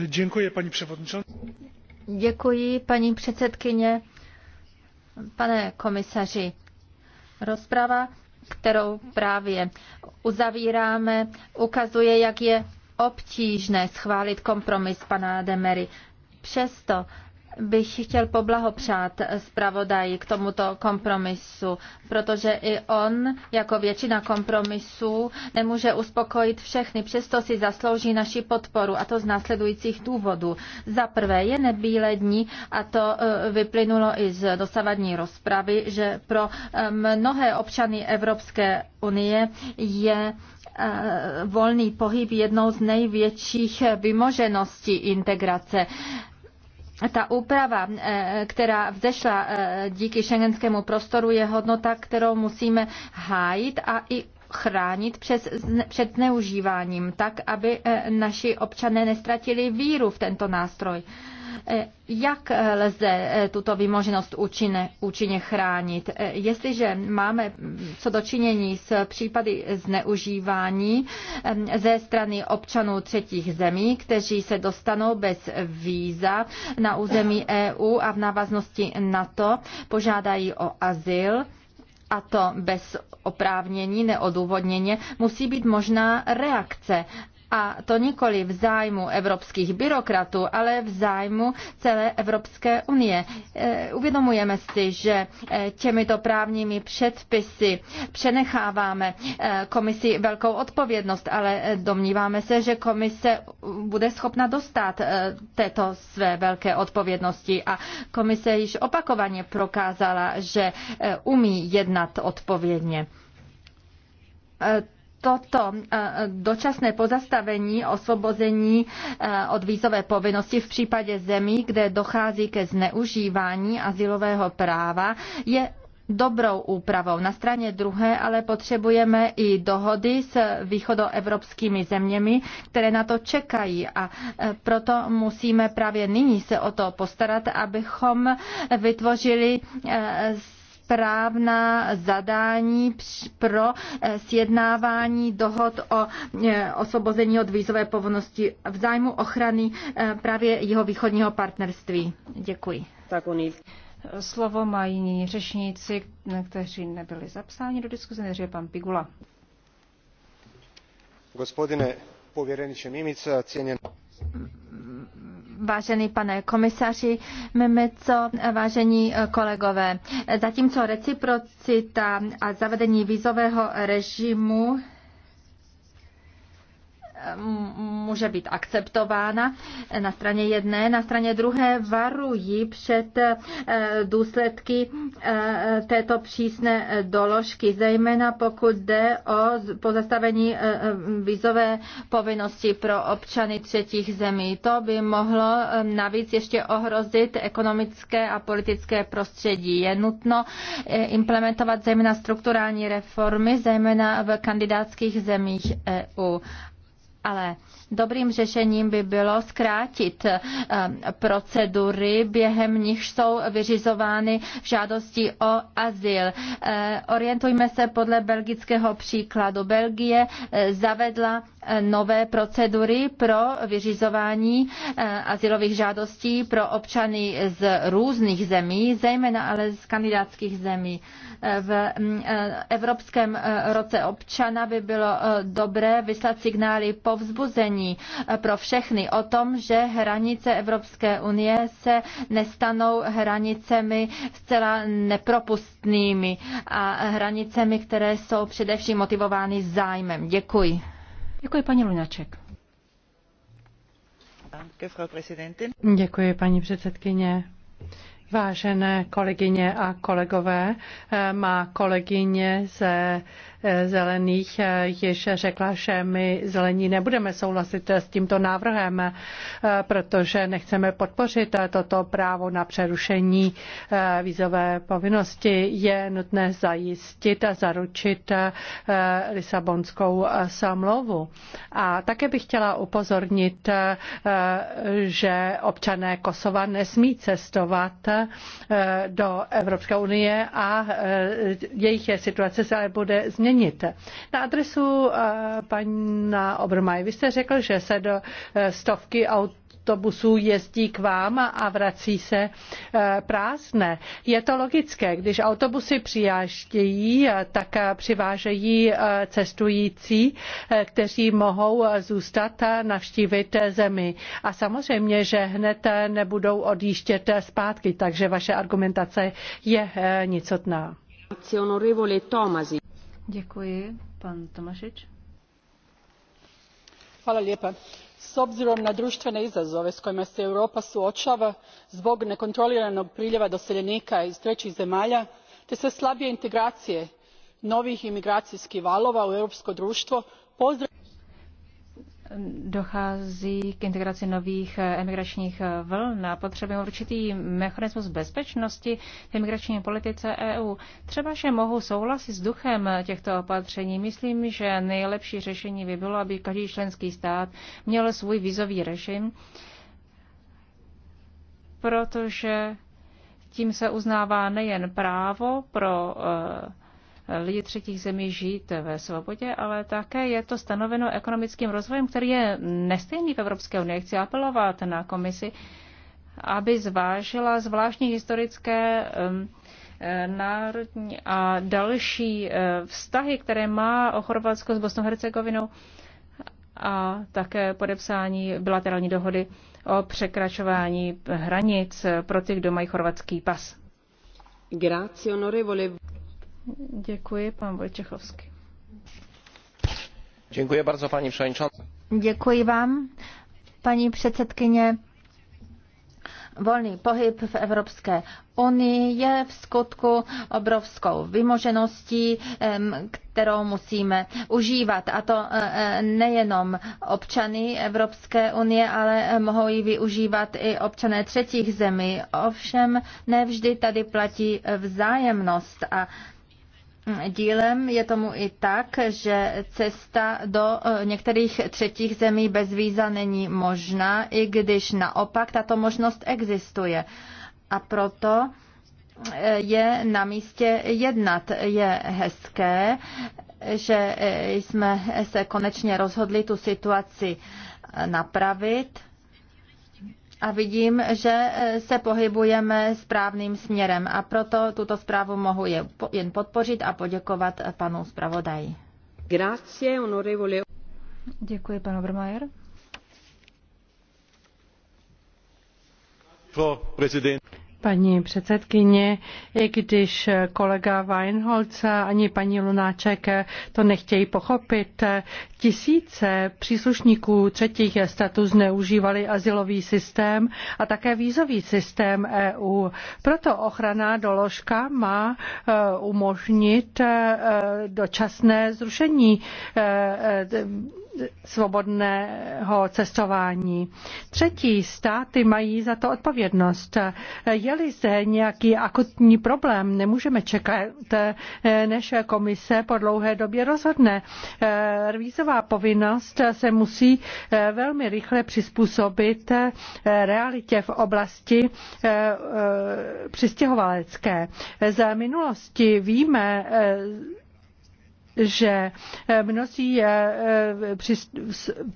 Děkuji, paní předsedkyně. Děkuji, paní předsedkyně. Pane komisaři, rozprava, kterou právě uzavíráme, ukazuje, jak je obtížné schválit kompromis pana Demery. Přesto bych chtěl poblahopřát zpravodaji k tomuto kompromisu, protože i on, jako většina kompromisů, nemůže uspokojit všechny, přesto si zaslouží naši podporu, a to z následujících důvodů. Za prvé je nebílé dní, a to e, vyplynulo i z dosavadní rozpravy, že pro e, mnohé občany Evropské unie je e, volný pohyb jednou z největších vymožeností integrace ta úprava, eh, která vzešla eh, díky šengenskému prostoru, je hodnota, kterou musíme hájit a i chránit přes, před zneužíváním, tak aby eh, naši občané nestratili víru v tento nástroj. Eh, jak eh, lze eh, tuto výmožnost účinně, účinně chránit? Jestliže máme hm, co dočinění s případy zneužívání hm, ze strany občanů třetích zemí, kteří se dostanou bez víza na území EU a v návaznosti na to požádají o azyl, a to bez oprávnění, neodůvodněně, musí být možná reakce a to nikoli v zájmu evropských byrokratů, ale v zájmu celé Evropské unie. E, uvědomujeme si, že e, těmito právními předpisy přenecháváme e, komisi velkou odpovědnost, ale domníváme se, že komise bude schopna dostat této své velké odpovědnosti a komise již opakovaně prokázala, že umí jednat odpovědně toto eh, dočasné pozastavení osvobození eh, od vízové povinnosti v případě zemí, kde dochází ke zneužívání azylového práva, je dobrou úpravou. Na straně druhé ale potřebujeme i dohody s východoevropskými zeměmi, které na to čekají a eh, proto musíme právě nyní se o to postarat, abychom vytvořili správná zadání pro eh, sjednávání dohod o eh, osvobození od vízové povinnosti v zájmu ochrany eh, právě jeho východního partnerství. Děkuji. Tak oni. Slovo mají řečníci, kteří nebyli zapsáni do diskuze, než je pan Pigula. Gospodine povjereniče Mimica, cijenjen vážený pane komisaři Memeco, vážení eh, kolegové. Zatímco reciprocita a zavedení vízového režimu může být akceptována na straně jedné, na straně druhé varují před eh, důsledky eh, této přísné eh, doložky, zejména pokud jde o pozastavení vizové povinnosti pro občany třetích zemí. To by mohlo navíc ještě ohrozit ekonomické a politické prostředí. Je nutno implementovat zejména strukturální reformy, zejména v kandidátských zemích EU ale Dobrým řešením by bylo zkrátit eh, procedury, během nich jsou vyřizovány žádosti o azyl. Eh, orientujme se podle belgického příkladu. Belgie eh, zavedla nové procedury pro vyřizování azylových žádostí pro občany z různých zemí, zejména ale z kandidátských zemí. V mm, Evropském roce občana by bylo dobré vyslat signály povzbuzení zjevení eh, pro všechny o tom, že hranice Evropské unie se nestanou hranicemi zcela nepropustnými a hranicemi, které jsou především motivovány zájmem. Děkuji. Děkuji, paní Lunaček. Děkuji, paní předsedkyně. Vážené kolegyně a kolegové, má kolegyně ze eh, zelených eh, již řekla, že my zelení nebudeme souhlasit s tímto návrhem, eh, protože nechceme podpořit toto právo na přerušení vízové povinnosti. Je nutné zajistit a zaručit Lisabonskou samlovu. A také bych chtěla upozornit, že občané Kosova nesmí cestovat do Evropské unie a eh, jejich situace se ale bude změnit. Na adresu eh, paní Obermaj, vy jste řekl, že se do eh, stovky aut autobusů jezdí k vám a vrací se eh, prázdné. Je to logické, když autobusy přijíždějí, eh, tak eh, přivážejí cestující, kteří mohou zůstat a navštívit zemi. A samozřejmě, že hned nebudou odjíždět zpátky, takže vaše argumentace je nicotná. Děkuji. Pan Tomašič. Hvala lijepa s obzirom na društvene izazove s kojima se europa suočava zbog nekontroliranog priljeva doseljenika iz trećih zemalja te sve slabije integracije novih imigracijskih valova u europsko društvo pozdravljam dochází k integraci nových eh, emigračních eh, vln a potřebujeme určitý mechanismus bezpečnosti v emigrační politice EU. Třeba, že mohu souhlasit s duchem eh, těchto opatření. Myslím, že nejlepší řešení by bylo, aby každý členský stát měl svůj vízový režim, protože tím se uznává nejen právo pro lidi třetích zemí žít ve svobodě, ale také je to stanoveno ekonomickým rozvojem, který je nestejný v Evropské unii. Chci apelovat na komisi, aby zvážila zvláštní historické um, eh, národní a další eh, vztahy, které má o Chorvatsko s Bosnou Hercegovinou a také podepsání bilaterální dohody o překračování hranic pro ty, kdo mají chorvatský pas. Grazie, onorevole. Děkuji, pan Vojčechovský. Děkuji bardzo, paní předsedkyně. Děkuji vám, paní předsedkyně. Volný pohyb v Evropské unii je v skutku obrovskou vymožeností, kterou musíme užívat. A to e, e, nejenom občany Evropské unie, ale mohou ji využívat i občané třetích zemí. Ovšem nevždy tady platí e, vzájemnost a dílem je tomu i tak, že cesta do eh, některých třetích zemí bez víza není možná, i když naopak tato možnost existuje. A proto eh, je na místě jednat. Je hezké, že eh, jsme se konečně rozhodli tu situaci napravit a vidím, že e, se pohybujeme správným směrem a proto tuto zprávu mohu jen podpořit a poděkovat panu zpravodaji. Grazie, onorevole. Děkuji, pan Obermajer. Paní předsedkyně, i když kolega Weinholz ani paní Lunáček to nechtějí pochopit, tisíce příslušníků třetích států zneužívali asilový systém a také vízový systém EU. Proto ochranná doložka má eh, umožnit eh, dočasné zrušení eh, svobodného cestování. Třetí státy mají za to odpovědnost. Je-li zde nějaký akutní problém, nemůžeme čekat, než komise po dlouhé době rozhodne. Revízová povinnost se musí velmi rychle přizpůsobit realitě v oblasti přistěhovalecké. Za minulosti víme, že eh, mnozí eh, eh,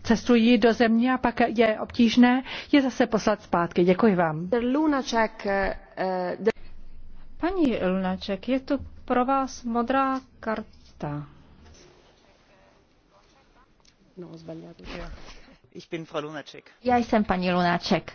cestují do země a pak je obtížné je zase poslat zpátky. Děkuji vám. Paní Lunaček, je tu pro vás modrá karta. No, Já jsem paní Lunaček.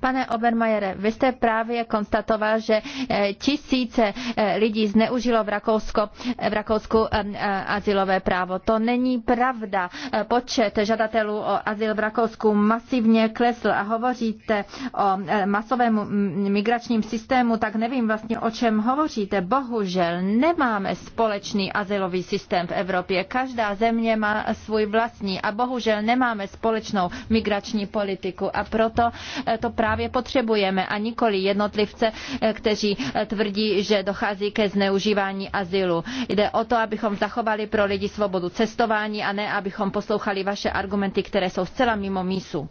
Pane Obermajere, vy jste právě konstatoval, že eh, tisíce eh, lidí zneužilo v, Rakousku, v Rakousku eh, azylové právo. To není pravda. Počet žadatelů o azyl v Rakousku masivně klesl a hovoříte o masovém mm, migračním systému, tak nevím vlastně, o čem hovoříte. Bohužel nemáme společný azylový systém v Evropě. Každá země má svůj vlastní a bohužel nemáme společnou migrační politiku a proto Eh, to právě potřebujeme a nikoli jednotlivce, eh, kteří eh, tvrdí, že dochází ke zneužívání azylu. Jde o to, abychom zachovali pro lidi svobodu cestování a ne, abychom poslouchali vaše argumenty, které jsou zcela mimo mísu.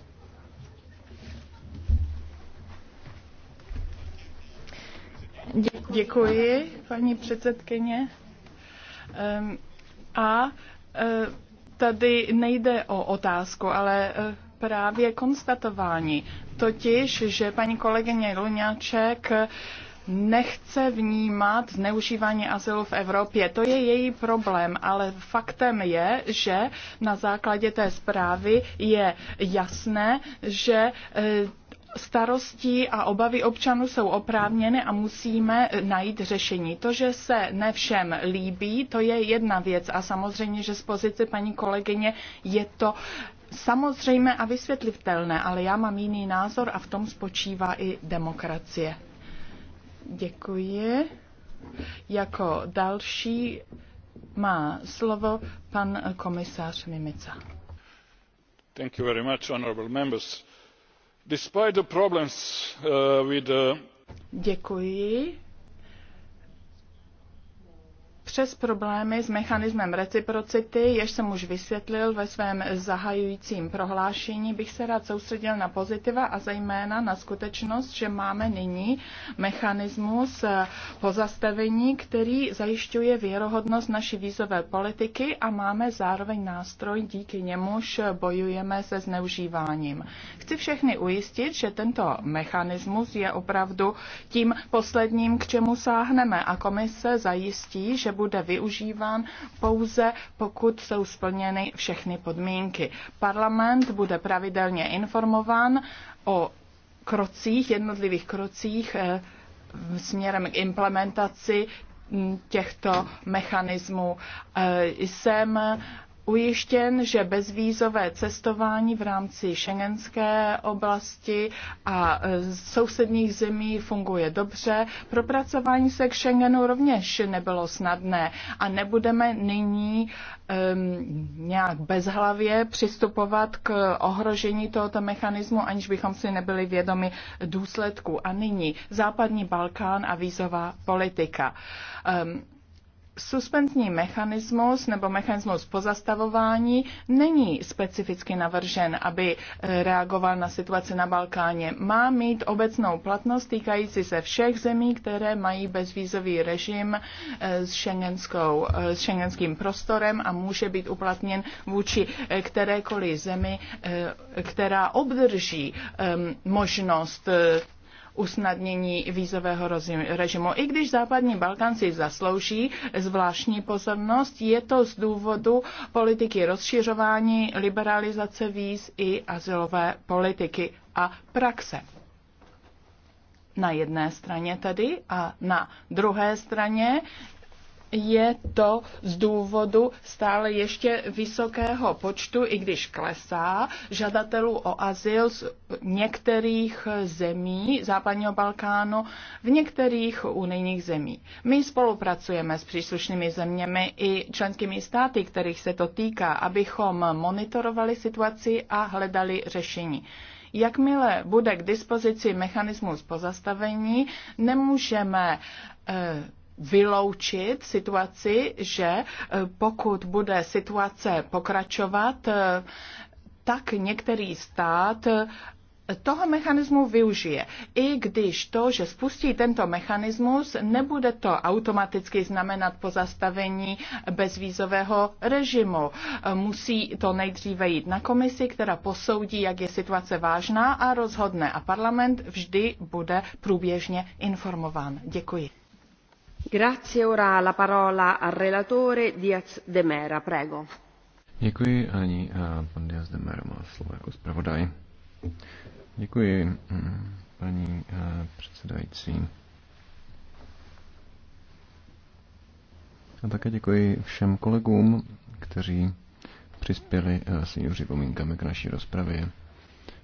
Děkuji, Děkuji paní předsedkyně. a tady nejde o otázku, ale právě konstatování, totiž, že paní kolegyně Luňáček nechce vnímat zneužívání azylu v Evropě. To je její problém, ale faktem je, že na základě té zprávy je jasné, že eh, starostí a obavy občanů jsou oprávněny a musíme eh, najít řešení. To, že se ne všem líbí, to je jedna věc a samozřejmě, že z pozice paní kolegyně je to samozřejmé a vysvětlitelné, ale já mám jiný názor a v tom spočívá i demokracie. Děkuji. Jako další má slovo pan komisář Mimica. Thank you very much, honorable members. Despite the problems uh, with the... Děkuji. Přes problémy s mechanismem reciprocity, jež jsem už vysvětlil ve svém zahajujícím prohlášení, bych se rád soustředil na pozitiva a zejména na skutečnost, že máme nyní mechanismus pozastavení, který zajišťuje věrohodnost naší vízové politiky a máme zároveň nástroj, díky němuž bojujeme se zneužíváním. Chci všechny ujistit, že tento mechanismus je opravdu tím posledním, k čemu sáhneme a komise zajistí, že bude bude využíván pouze pokud jsou splněny všechny podmínky. Parlament bude pravidelně informován o krocích, jednotlivých krocích eh, směrem k implementaci mm, těchto mechanismů. Eh, jsem ujištěn, že bezvízové cestování v rámci šengenské oblasti a e, sousedních zemí funguje dobře. Propracování se k Schengenu rovněž nebylo snadné a nebudeme nyní um, nějak bezhlavě přistupovat k ohrožení tohoto mechanismu, aniž bychom si nebyli vědomi důsledků. A nyní Západní Balkán a vízová politika. Um, Suspenzní mechanismus nebo mechanismus pozastavování není specificky navržen, aby eh, reagoval na situaci na Balkáně. Má mít obecnou platnost týkající se všech zemí, které mají bezvízový režim eh, s, šengenskou, eh, s šengenským prostorem a může být uplatněn vůči kterékoliv zemi, která obdrží možnost usnadnění vízového režimu. I když západní Balkán si zaslouží zvláštní pozornost, je to z důvodu politiky rozšiřování, liberalizace víz i azylové politiky a praxe na jedné straně tedy a na druhé straně je to z důvodu stále ještě vysokého počtu, i když klesá, žadatelů o azyl z některých zemí západního Balkánu v některých unijních zemí. My spolupracujeme s příslušnými zeměmi i členskými státy, kterých se to týká, abychom monitorovali situaci a hledali řešení jakmile bude k dispozici mechanismus pozastavení, nemůžeme e, vyloučit situaci, že eh, pokud bude situace pokračovat, eh, tak některý stát eh, toho mechanismu využije. I když to, že spustí tento mechanismus, nebude to automaticky znamenat pozastavení bezvízového režimu. Musí to nejdříve jít na komisi, která posoudí, jak je situace vážná a rozhodne. A parlament vždy bude průběžně informován. Děkuji. Děkuji, ani eh, pan Diaz de Mera má slovo jako zpravodaj. Děkuji, mm, paní eh, předsedající. A také děkuji všem kolegům, kteří přispěli eh, svými připomínkami k naší rozpravě.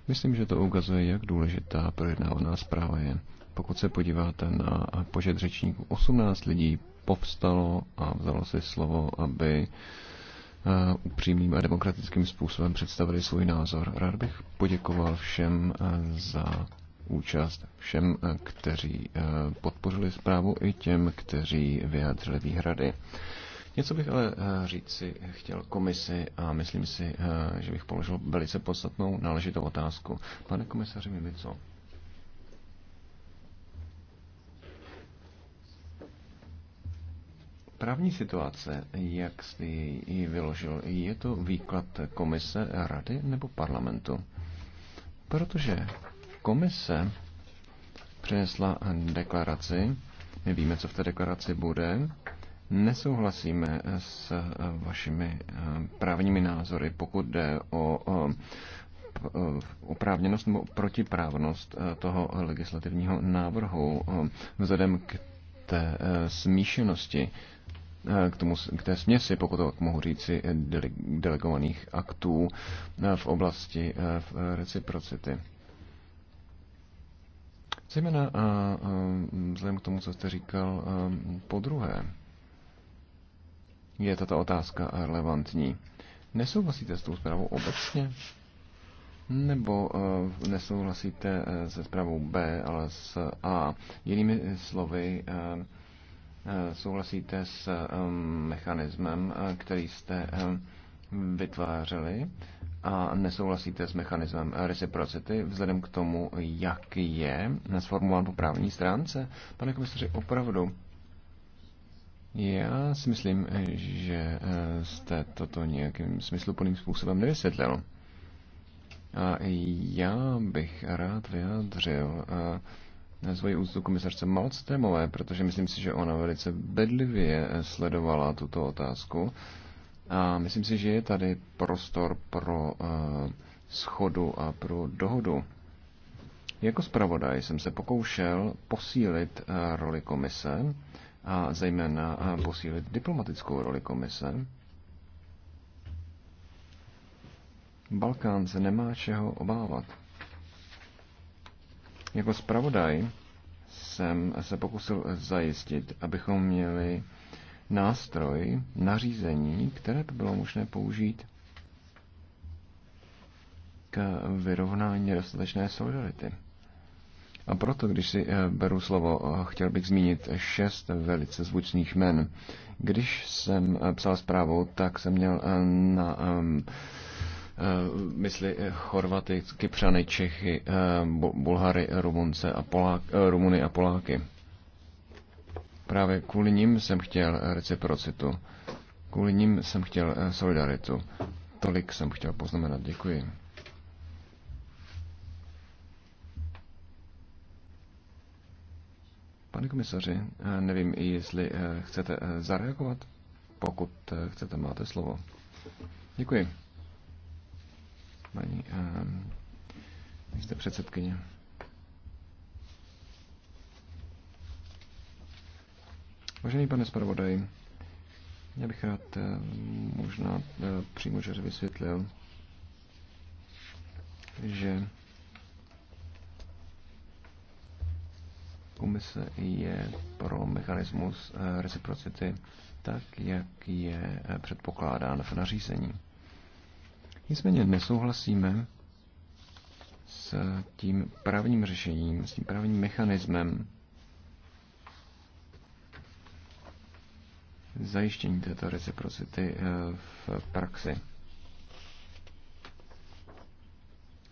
Myslím, že to ukazuje, jak důležitá projednávaná zpráva je pokud se podíváte na počet řečníků, 18 lidí povstalo a vzalo si slovo, aby eh, upřímným a demokratickým způsobem představili svůj názor. Rád bych poděkoval všem eh, za účast, všem, eh, kteří podpořili zprávu i těm, kteří vyjádřili výhrady. Něco bych ale říci chtěl komisi a myslím si, že bych položil velice podstatnou náležitou otázku. Pane komisaři Mimico, Právní situace, jak jste ji vyložil, je to výklad komise, rady nebo parlamentu? Protože komise přinesla deklaraci, my víme, co v té deklaraci bude, nesouhlasíme s vašimi eh, právními názory, pokud jde o eh, oprávněnost nebo protiprávnost eh, toho legislativního návrhu vzhledem k té smíšenosti k, tomu, k té směsi, pokud to mohu říci, delegovaných aktů eh, v oblasti eh, v eh, reciprocity. Zejména vzhledem k tomu, co jste říkal po druhé, je tato otázka relevantní. Nesouhlasíte s tou zprávou obecně? Nebo uh, nesouhlasíte uh, se zprávou B, ale s A? Jinými slovy, uh, Eh, souhlasíte s ehm, mechanismem, eh, který jste ehm, vytvářeli a nesouhlasíte s mechanismem reciprocity vzhledem k tomu, jak je sformulován po právní stránce? Pane komisaři, opravdu já si myslím, že eh, jste toto nějakým smysluplným způsobem nevysvětlil. A já bych rád vyjádřil svoji úctu komisařce Malctémové, protože myslím si, že ona velice bedlivě sledovala tuto otázku. A myslím si, že je tady prostor pro uh, schodu a pro dohodu. Jako zpravodaj jsem se pokoušel posílit eh, roli komise a zejména eh, posílit diplomatickou roli komise. Balkán se nemá čeho obávat. Jako zpravodaj jsem se pokusil zajistit, abychom měli nástroj, nařízení, které by bylo možné použít k vyrovnání dostatečné solidarity. A proto, když si eh, beru slovo, eh, chtěl bych zmínit šest velice zvučných men. Když jsem eh, psal zprávu, tak jsem měl na ehm, Eh, mysli eh, Chorvaty, Kypřany, Čechy, eh, Bulhary, Rumunce a Polák, Rumuny a Poláky. Právě kvůli ním jsem chtěl reciprocitu. Kvůli ním jsem chtěl solidaritu. Tolik jsem chtěl poznamenat. Děkuji. Pane komisaři, nevím, jestli chcete zareagovat. Pokud chcete, máte slovo. Děkuji paní um, ehm, jste předsedkyně. Vážený pane zpravodaj, já bych rád uh, možná uh, přímo že vysvětlil, že komise je pro mechanismus eh, reciprocity tak, jak je eh, předpokládán v nařízení. Nicméně nesouhlasíme s tím právním řešením, s tím právním mechanismem zajištění této reciprocity eh, v praxi.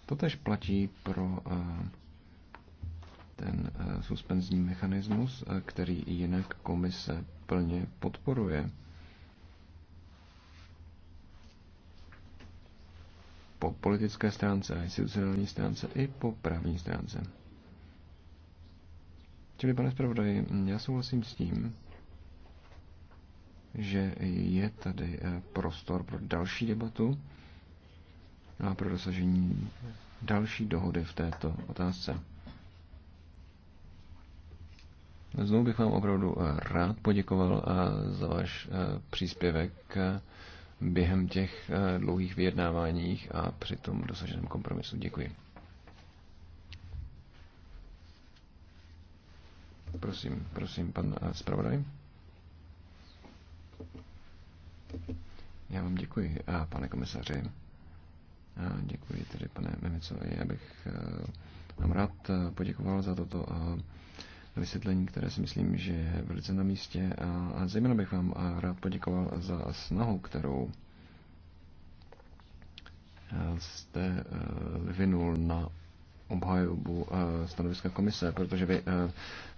To Totež platí pro eh, ten eh, suspenzní mechanismus, který jinak komise plně podporuje. po politické stránce a institucionální stránce i po právní stránce. Čili, pane zpravodaji, já souhlasím s tím, že je tady eh, prostor pro další debatu a pro dosažení další dohody v této otázce. Znovu bych vám opravdu eh, rád poděkoval eh, za váš příspěvek během těch eh, dlouhých vyjednáváních a při tom dosaženém kompromisu. Děkuji. Prosím, prosím, pan eh, zpravodaj. Já vám děkuji, a eh, pane komisaři. A děkuji tedy, pane Mimicovi. Já bych vám rád poděkoval za toto vysvětlení, které si myslím, že je velice na místě. A zejména bych vám rád poděkoval za snahu, kterou jste e, vyvinul na obhajobu e, stanoviska komise, protože vy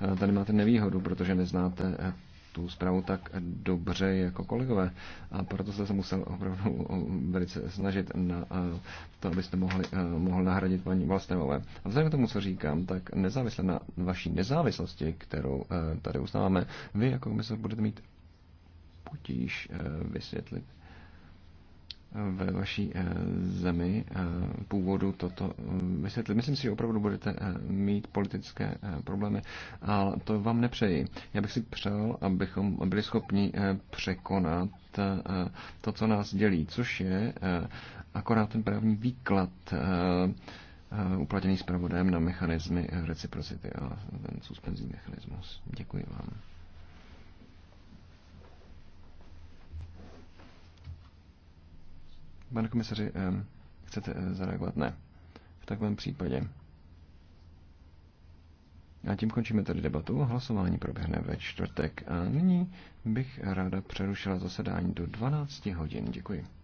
e, tady máte nevýhodu, protože neznáte tu zprávu tak dobře jako kolegové. A proto jsem se musel opravdu velice snažit na eh, to, abyste mohli, eh, mohl nahradit paní Vlastemové. A vzhledem k tomu, co říkám, tak nezávisle na vaší nezávislosti, kterou eh, tady uznáváme, vy jako komise budete mít potíž vysvětlit ve vaší eh, zemi eh, původu toto eh, vysvětlit. Myslím si, že opravdu budete mít politické problémy, ale to vám nepřeji. Já bych si přál, abychom byli schopni překonat to, co nás dělí, což je akorát ten právní výklad uplatněný zpravodajem na mechanizmy reciprocity a ten suspenzní mechanismus. Děkuji vám. Pane komisaři, chcete eh, zareagovat? Ne. V takovém případě. A tím končíme tedy debatu. Hlasování proběhne ve čtvrtek. A nyní bych ráda přerušila zasedání do 12 hodin. Děkuji.